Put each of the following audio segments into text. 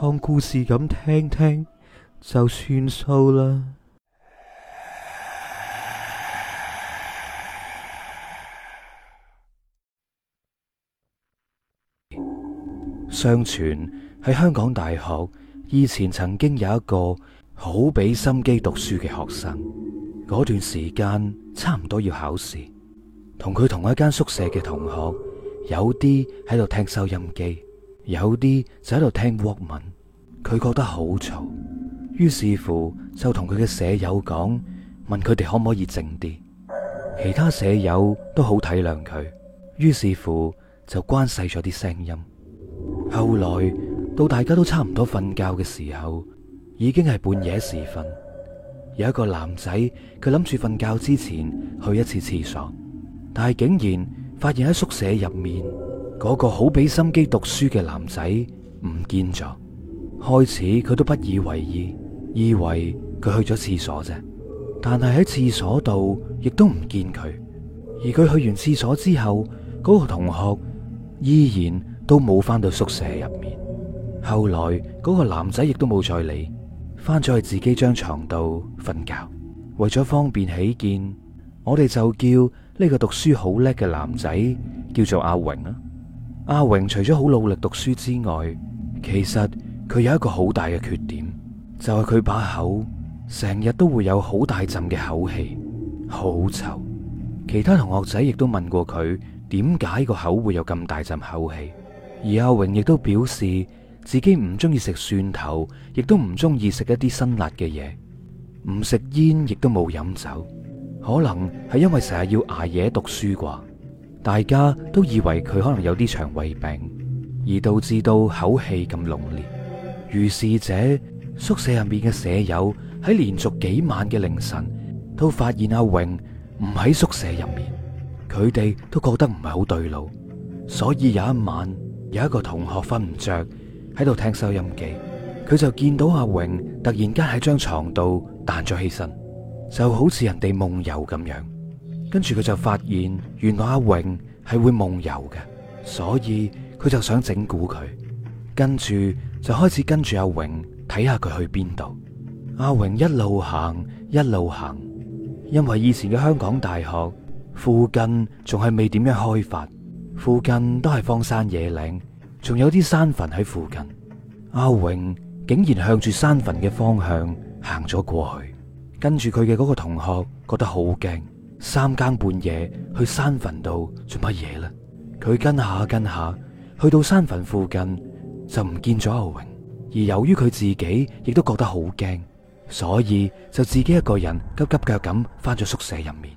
當故事咁聽聽就算數啦。相傳喺香港大學以前，曾經有一個好俾心機讀書嘅學生。嗰段時間差唔多要考試，同佢同一間宿舍嘅同學有啲喺度聽收音機。有啲就喺度聽國文，佢覺得好嘈，於是乎就同佢嘅舍友講，問佢哋可唔可以靜啲。其他舍友都好體諒佢，於是乎就關細咗啲聲音。後來到大家都差唔多瞓覺嘅時候，已經係半夜時分，有一個男仔佢諗住瞓覺之前去一次廁所，但係竟然發現喺宿舍入面。嗰個好俾心機讀書嘅男仔唔見咗，開始佢都不以為意，以為佢去咗廁所啫。但係喺廁所度亦都唔見佢，而佢去完廁所之後，嗰個同學依然都冇翻到宿舍入面。後來嗰個男仔亦都冇再理，翻咗去自己張床度瞓覺。為咗方便起見，我哋就叫呢個讀書好叻嘅男仔叫做阿榮啦。阿榮除咗好努力讀書之外，其實佢有一個好大嘅缺點，就係佢把口成日都會有好大陣嘅口氣，好臭。其他同學仔亦都問過佢點解個口會有咁大陣口氣，而阿榮亦都表示自己唔中意食蒜頭，亦都唔中意食一啲辛辣嘅嘢，唔食煙亦都冇飲酒，可能係因為成日要挨夜讀書啩。大家都以為佢可能有啲腸胃病，而導致到口氣咁濃烈。如是者，宿舍入面嘅舍友喺連續幾晚嘅凌晨，都發現阿榮唔喺宿舍入面。佢哋都覺得唔係好對路，所以有一晚，有一個同學瞓唔着，喺度聽收音機，佢就見到阿榮突然間喺張床度彈咗起身，就好似人哋夢遊咁樣。跟住佢就發現，原來阿榮係會夢遊嘅，所以佢就想整蠱佢。跟住就開始跟住阿榮睇下佢去邊度。阿榮一路行一路行，因為以前嘅香港大學附近仲係未點樣開發，附近都係荒山野嶺，仲有啲山墳喺附近。阿榮竟然向住山墳嘅方向行咗過去，跟住佢嘅嗰個同學覺得好驚。三更半夜去山墳度做乜嘢呢？佢跟下跟下，去到山墳附近就唔見咗阿榮，而由於佢自己亦都覺得好驚，所以就自己一個人急急腳咁翻咗宿舍入面。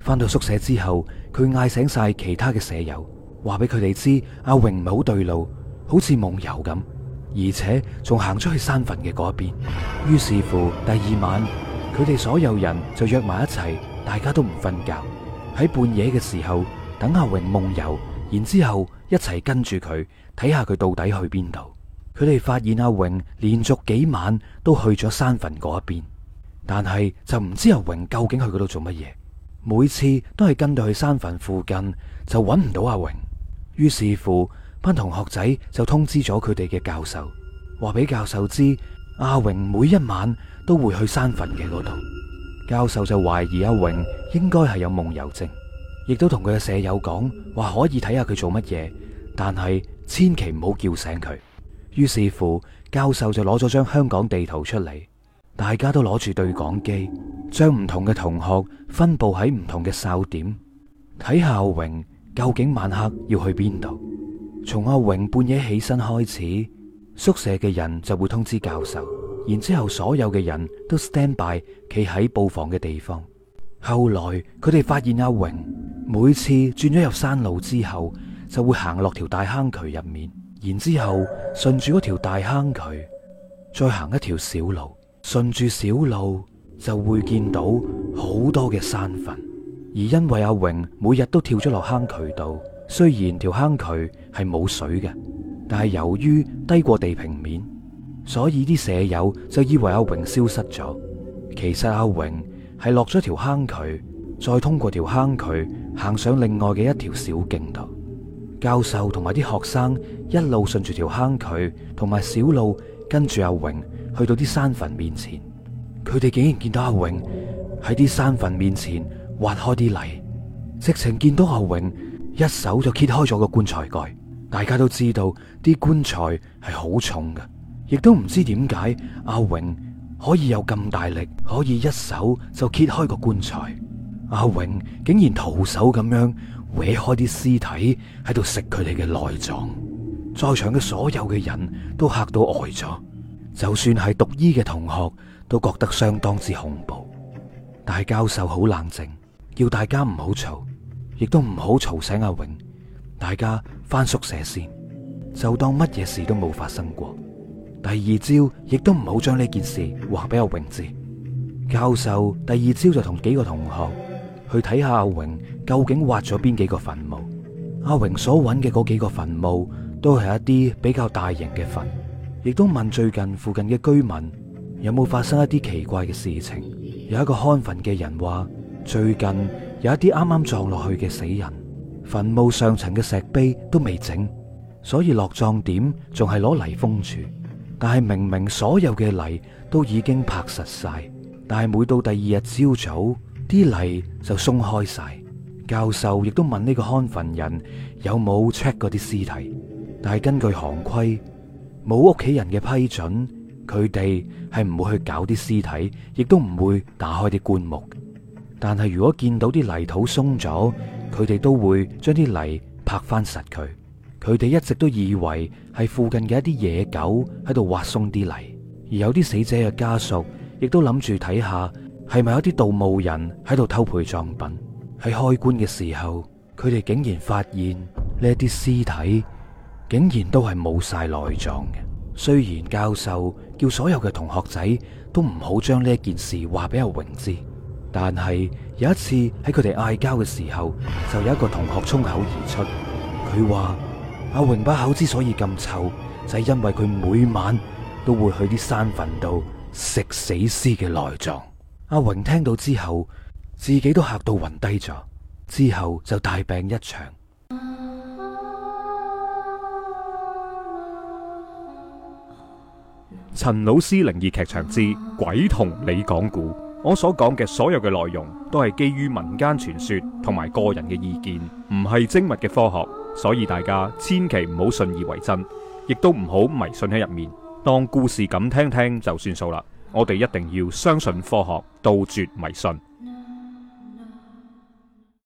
翻到宿舍之後，佢嗌醒晒其他嘅舍友，話俾佢哋知阿榮唔係好對路，好似夢遊咁，而且仲行出去山墳嘅嗰邊。於是乎，第二晚佢哋所有人就約埋一齊。大家都唔瞓覺，喺半夜嘅時候等阿榮夢遊，然之後一齊跟住佢睇下佢到底去邊度。佢哋發現阿榮連續幾晚都去咗山墳嗰一邊，但係就唔知阿榮究竟去嗰度做乜嘢。每次都係跟到去山墳附近就揾唔到阿榮，於是乎班同學仔就通知咗佢哋嘅教授，話俾教授知阿榮每一晚都會去山墳嘅嗰度。教授就懷疑阿榮應該係有夢遊症，亦都同佢嘅舍友講，話可以睇下佢做乜嘢，但係千祈唔好叫醒佢。於是乎，教授就攞咗張香港地圖出嚟，大家都攞住對講機，將唔同嘅同學分布喺唔同嘅哨點，睇下阿榮究竟晚黑要去邊度。從阿榮半夜起身開始，宿舍嘅人就會通知教授。然之後，所有嘅人都 stand by，企喺布防嘅地方。後來佢哋發現阿榮每次轉咗入山路之後，就會行落條大坑渠入面。然之後順住嗰條大坑渠，再行一條小路。順住小路就會見到好多嘅山墳。而因為阿榮每日都跳咗落坑渠度，雖然條坑渠係冇水嘅，但係由於低過地平面。所以啲舍友就以為阿榮消失咗，其實阿榮係落咗條坑渠，再通過條坑渠行上另外嘅一條小徑度。教授同埋啲學生一路順住條坑渠同埋小路跟住阿榮去到啲山墳面前，佢哋竟然見到阿榮喺啲山墳面前挖開啲泥，直情見到阿榮一手就揭開咗個棺材蓋。大家都知道啲棺材係好重㗎。亦都唔知點解阿榮可以有咁大力，可以一手就揭開個棺材。阿榮竟然徒手咁樣搲開啲屍體喺度食佢哋嘅內臟。在場嘅所有嘅人都嚇到呆咗，就算係讀醫嘅同學都覺得相當之恐怖。但係教授好冷靜，叫大家唔好嘈，亦都唔好嘈醒阿榮。大家返宿舍先，就當乜嘢事都冇發生過。第二朝亦都唔好將呢件事話俾阿榮知。教授第二朝就同幾個同學去睇下阿榮究竟挖咗邊幾個墳墓。阿榮所揾嘅嗰幾個墳墓都係一啲比較大型嘅墳，亦都問最近附近嘅居民有冇發生一啲奇怪嘅事情。有一個看墳嘅人話，最近有一啲啱啱撞落去嘅死人墳墓上層嘅石碑都未整，所以落葬點仲係攞嚟封住。但係明明所有嘅泥都已經拍實晒，但係每到第二日朝早，啲泥就鬆開晒。教授亦都問呢個看墳人有冇 check 過啲屍體，但係根據行規，冇屋企人嘅批准，佢哋係唔會去搞啲屍體，亦都唔會打開啲棺木。但係如果見到啲泥土鬆咗，佢哋都會將啲泥拍翻實佢。佢哋一直都以為係附近嘅一啲野狗喺度挖鬆啲泥，而有啲死者嘅家屬亦都諗住睇下係咪有啲盜墓人喺度偷陪葬品。喺開棺嘅時候，佢哋竟然發現呢啲屍體竟然都係冇晒內臟嘅。雖然教授叫所有嘅同學仔都唔好將呢件事話俾阿榮知，但係有一次喺佢哋嗌交嘅時候，就有一個同學衝口而出，佢話。阿榮把口之所以咁臭，就係因為佢每晚都會去啲山墳度食死屍嘅內臟。阿榮聽到之後，自己都嚇到暈低咗，之後就大病一場。陳老師靈異劇場之鬼同你講古，我所講嘅所有嘅內容都係基於民間傳說同埋個人嘅意見，唔係精密嘅科學。所以大家千祈唔好信以為真，亦都唔好迷信喺入面，當故事咁聽聽就算數啦。我哋一定要相信科學，杜絕迷信。